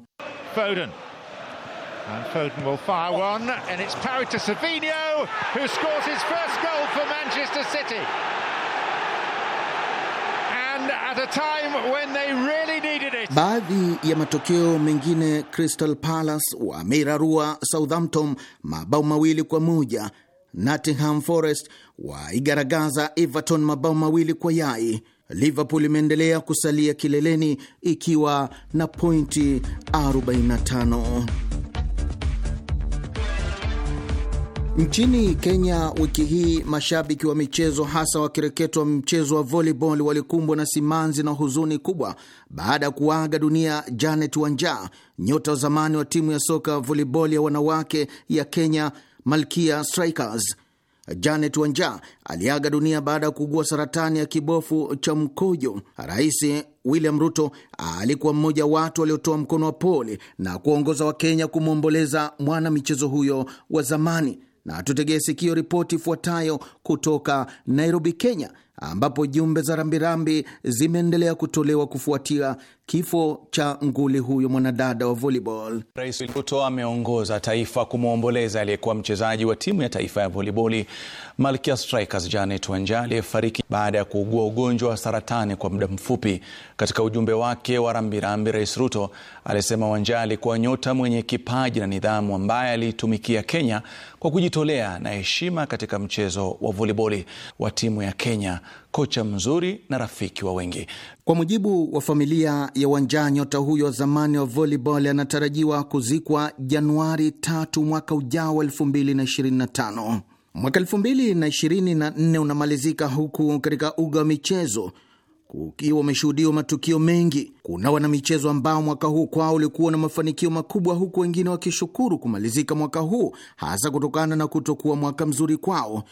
Foden. And Foden will fire one and it's Savinho who scores his first goal for Manchester City at a time when they really needed it. Baadhi ya matokeo mengine, Crystal Palace wameirarua Southampton mabao mawili kwa moja. Nottingham Forest waigaragaza Everton mabao mawili kwa yai. Liverpool imeendelea kusalia kileleni ikiwa na pointi 45. Nchini Kenya wiki hii, mashabiki wa michezo hasa wakireketo wa mchezo wa volleyball walikumbwa na simanzi na huzuni kubwa baada ya kuaga dunia Janet Wanja, nyota wa zamani wa timu ya soka volleyball ya wanawake ya Kenya, Malkia Strikers. Janet Wanja aliaga dunia baada ya kuugua saratani ya kibofu cha mkojo. Rais William Ruto alikuwa mmoja wa watu waliotoa mkono wa pole na kuongoza Wakenya kumwomboleza mwana michezo huyo wa zamani na tutegee sikio ripoti ifuatayo kutoka Nairobi, Kenya, ambapo jumbe za rambirambi zimeendelea kutolewa kufuatia kifo cha nguli huyo mwanadada wa volleyball. Rais Ruto ameongoza taifa kumwomboleza aliyekuwa mchezaji wa timu ya taifa ya voleyboli Malkia Strikers Janet Wanja aliyefariki baada ya kuugua ugonjwa wa saratani kwa muda mfupi. Katika ujumbe wake wa rambirambi, Rais Ruto alisema Wanja alikuwa nyota mwenye kipaji na nidhamu ambaye aliitumikia Kenya kwa kujitolea na heshima katika mchezo wa voliboli wa timu ya Kenya, kocha mzuri na rafiki wa wengi. Kwa mujibu wa familia ya Wanja, nyota huyo zamani wa volleyball anatarajiwa kuzikwa Januari tatu mwaka ujao 2025. Mwaka elfu mbili na ishirini na nne unamalizika huku katika uga wa michezo ukiwa umeshuhudiwa matukio mengi. Kuna wanamichezo ambao mwaka huu kwao ulikuwa na mafanikio makubwa, huku wengine wakishukuru kumalizika mwaka huu, hasa kutokana na kutokuwa mwaka mzuri kwao.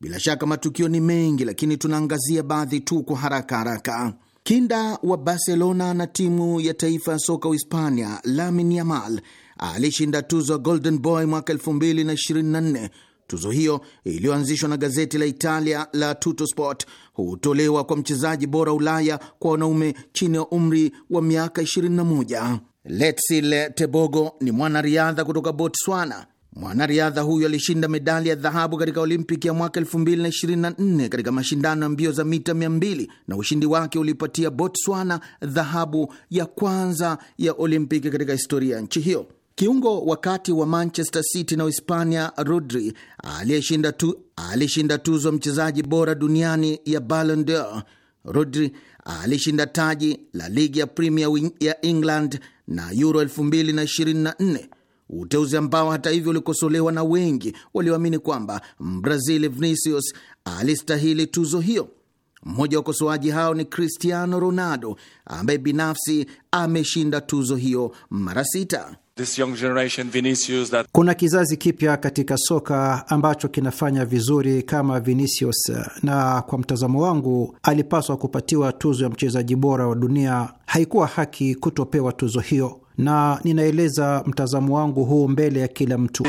Bila shaka matukio ni mengi, lakini tunaangazia baadhi tu kwa haraka haraka. Kinda wa Barcelona na timu ya taifa ya soka Uhispania, Lamine Yamal alishinda tuzo ya Golden Boy mwaka 2024 Tuzo hiyo iliyoanzishwa na gazeti la Italia la tutosport hutolewa kwa mchezaji bora Ulaya kwa wanaume chini ya umri wa miaka 21. Letsile Tebogo ni mwanariadha kutoka Botswana. Mwanariadha huyu alishinda medali ya dhahabu katika Olimpiki ya mwaka 2024 katika mashindano ya mbio za mita 200 na ushindi wake ulipatia Botswana dhahabu ya kwanza ya Olimpiki katika historia ya nchi hiyo. Kiungo wakati wa Manchester City na Uhispania Rodri aliyeshinda tu, alishinda tuzo mchezaji bora duniani ya Ballon d'Or. Rodri alishinda taji la ligi ya Premier ya England na Euro 2024, uteuzi ambao hata hivyo ulikosolewa na wengi walioamini kwamba Mbrazil Vinicius alistahili tuzo hiyo. Mmoja wa ukosoaji hao ni Cristiano Ronaldo ambaye binafsi ameshinda tuzo hiyo mara sita. This young generation, Vinicius, that... kuna kizazi kipya katika soka ambacho kinafanya vizuri kama Vinicius, na kwa mtazamo wangu alipaswa kupatiwa tuzo ya mchezaji bora wa dunia. Haikuwa haki kutopewa tuzo hiyo, na ninaeleza mtazamo wangu huu mbele ya kila mtu.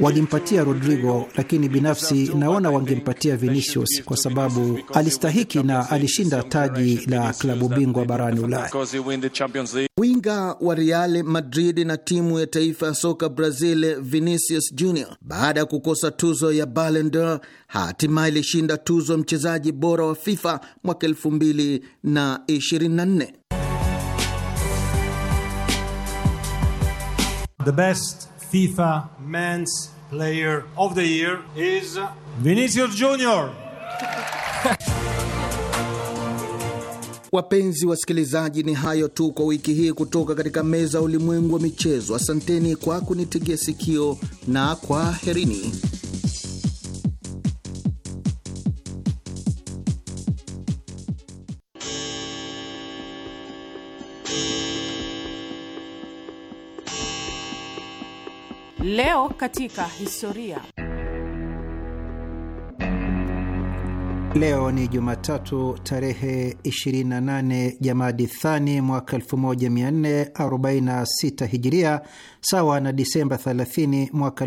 Walimpatia Rodrigo, lakini binafsi naona wangempatia Vinicius kwa sababu alistahiki na alishinda taji la klabu bingwa barani Ulaya. Winga wa Real Madrid na timu ya taifa ya soka Brazil, Vinicius Jr, baada ya kukosa tuzo ya Ballon d'Or, hatimaye ilishinda tuzo mchezaji bora wa FIFA mwaka 2024. The best FIFA Men's Player of the Year is Vinicius Junior. Wapenzi wasikilizaji, ni hayo tu kwa wiki hii kutoka katika meza ya ulimwengu wa michezo. Asanteni kwa kunitegea sikio na kwaherini. Leo katika historia. Leo ni Jumatatu tarehe 28 Jamadi Thani mwaka 1446 Hijiria, sawa na Disemba 30 mwaka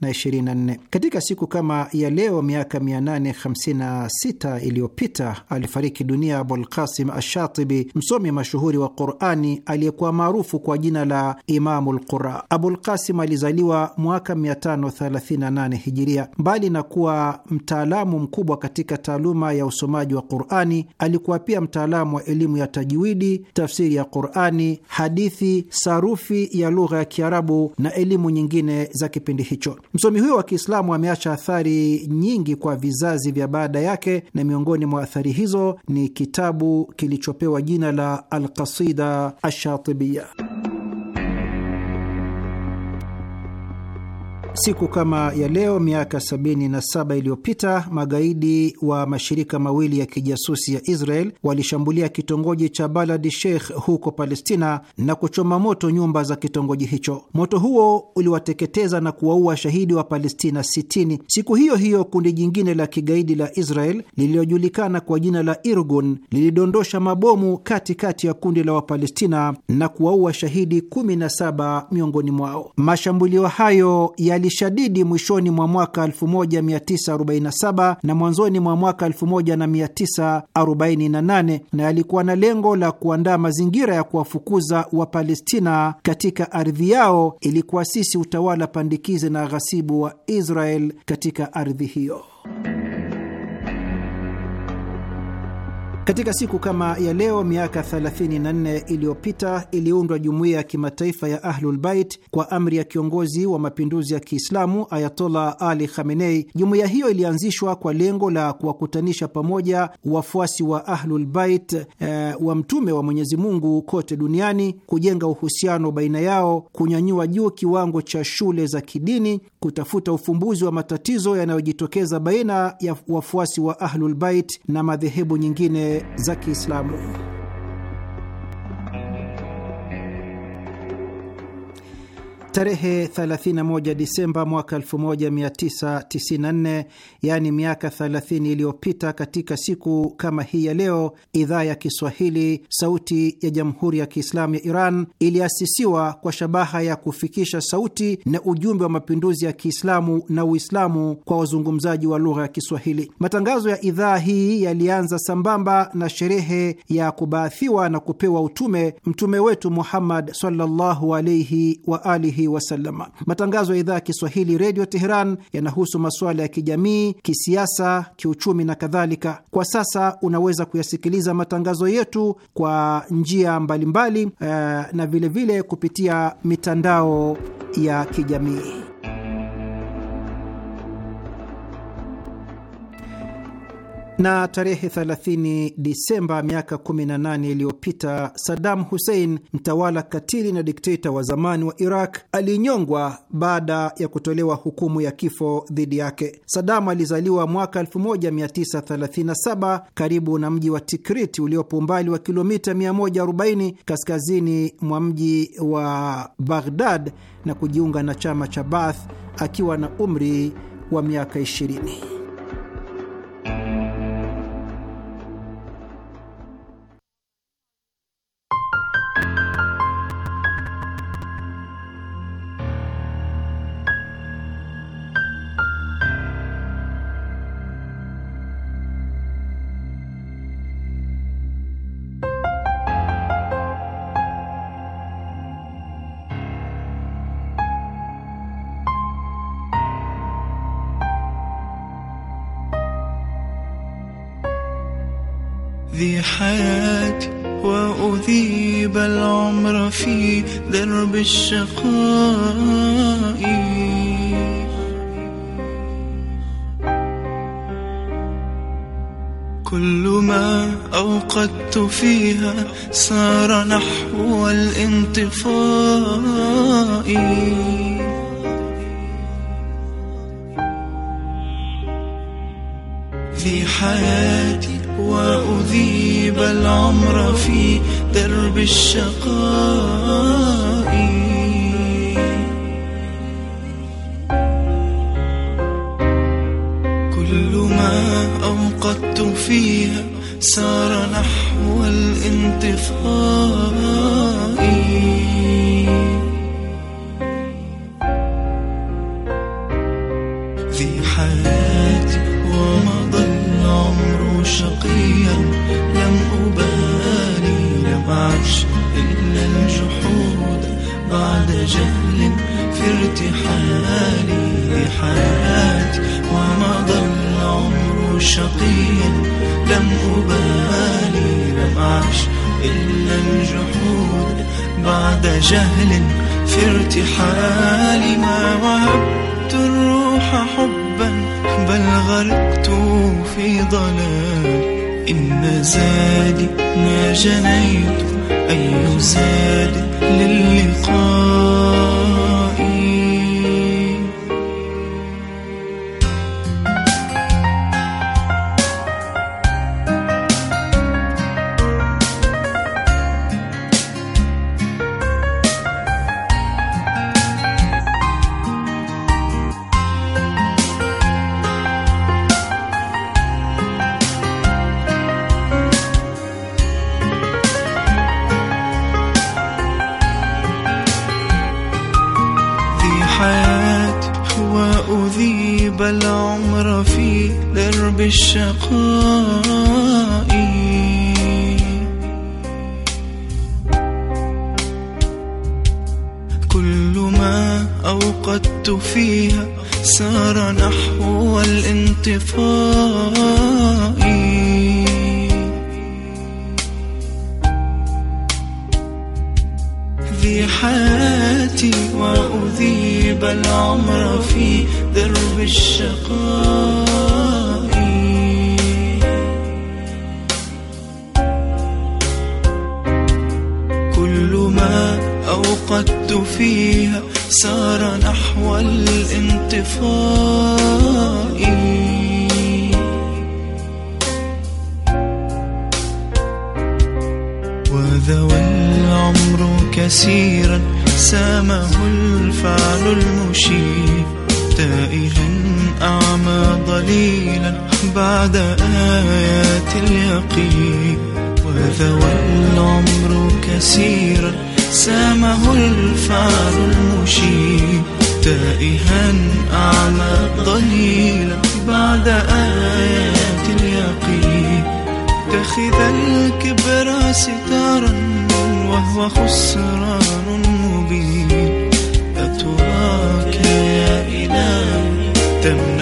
na 24. Katika siku kama ya leo miaka 856 iliyopita alifariki dunia Abul Qasim Ashatibi, msomi mashuhuri wa Qurani aliyekuwa maarufu kwa jina la Imamu Lqura. Abul Qasim alizaliwa mwaka 538 Hijiria. Mbali na kuwa mtaalamu mkubwa katika taaluma ya usomaji wa Qurani, alikuwa pia mtaalamu wa elimu ya tajwidi, tafsiri ya Qurani, hadithi, sarufi ya lugha ya Kiarabu na elimu nyingine za kipindi hicho. Msomi huyo wa Kiislamu ameacha athari nyingi kwa vizazi vya baada yake, na miongoni mwa athari hizo ni kitabu kilichopewa jina la Alqasida Ashatibiya. Siku kama ya leo miaka 77 iliyopita magaidi wa mashirika mawili ya kijasusi ya Israel walishambulia kitongoji cha Balad Sheikh huko Palestina na kuchoma moto nyumba za kitongoji hicho. Moto huo uliwateketeza na kuwaua shahidi wa Palestina 60. Siku hiyo hiyo kundi jingine la kigaidi la Israel lililojulikana kwa jina la Irgun lilidondosha mabomu katikati kati ya kundi la Wapalestina na kuwaua shahidi 17 miongoni mwao. Mashambulio hayo yali ilishadidi mwishoni mwa mwaka 1947 na mwanzoni mwa mwaka 1948 na yalikuwa na lengo la kuandaa mazingira ya kuwafukuza Wapalestina katika ardhi yao ili kuasisi utawala pandikizi na ghasibu wa Israel katika ardhi hiyo. Katika siku kama ya leo miaka 34 iliyopita iliundwa jumuiya ya kimataifa ya Ahlulbait kwa amri ya kiongozi wa mapinduzi ya Kiislamu Ayatollah Ali Khamenei. Jumuiya hiyo ilianzishwa kwa lengo la kuwakutanisha pamoja wafuasi wa Ahlulbait e, eh, wa Mtume wa Mwenyezi Mungu kote duniani, kujenga uhusiano baina yao, kunyanyua juu kiwango cha shule za kidini, kutafuta ufumbuzi wa matatizo yanayojitokeza baina ya wafuasi wa Ahlulbait na madhehebu nyingine za Kiislamu. Tarehe 31 Disemba mwaka 1994, yaani miaka 30 iliyopita, katika siku kama hii ya leo, idhaa ya Kiswahili Sauti ya Jamhuri ya Kiislamu ya Iran iliasisiwa kwa shabaha ya kufikisha sauti na ujumbe wa mapinduzi ya Kiislamu na Uislamu kwa wazungumzaji wa lugha ya Kiswahili. Matangazo ya idhaa hii yalianza sambamba na sherehe ya kubaathiwa na kupewa utume mtume wetu Muhammad sallallahu alaihi wa alihi alihi wasalama. Matangazo ya idhaa ya Kiswahili redio Teheran yanahusu masuala ya kijamii, kisiasa, kiuchumi na kadhalika. Kwa sasa unaweza kuyasikiliza matangazo yetu kwa njia mbalimbali mbali, eh, na vilevile vile kupitia mitandao ya kijamii. Na tarehe 30 Disemba miaka 18 iliyopita, Saddam Hussein, mtawala katili na dikteta wa zamani wa Iraq, alinyongwa baada ya kutolewa hukumu ya kifo dhidi yake. Saddam alizaliwa mwaka 1937 karibu na mji wa Tikrit uliopo umbali wa kilomita 140 kaskazini mwa mji wa Baghdad na kujiunga na chama cha Baath akiwa na umri wa miaka 20. حياتي وأذيب العمر في درب الشقاء كل ما أوقدت فيها سار نحو الانطفاء في حياتي وأذيب العمر في درب الشقاء هوائي حياتي وأذيب العمر في درب الشقاء كل ما أوقدت فيها سار نحو الانطفاء العمر كثيرا سامه الفعل المشير تائها أعمى ضليلا بعد آيات اليقين وذوى العمر كثيرا سامه الفعل المشير تائها أعمى ضليلا بعد آيات اليقين اتخذ الكبر ستارا وهو خسران مبين أتراك يا إلهي تمنى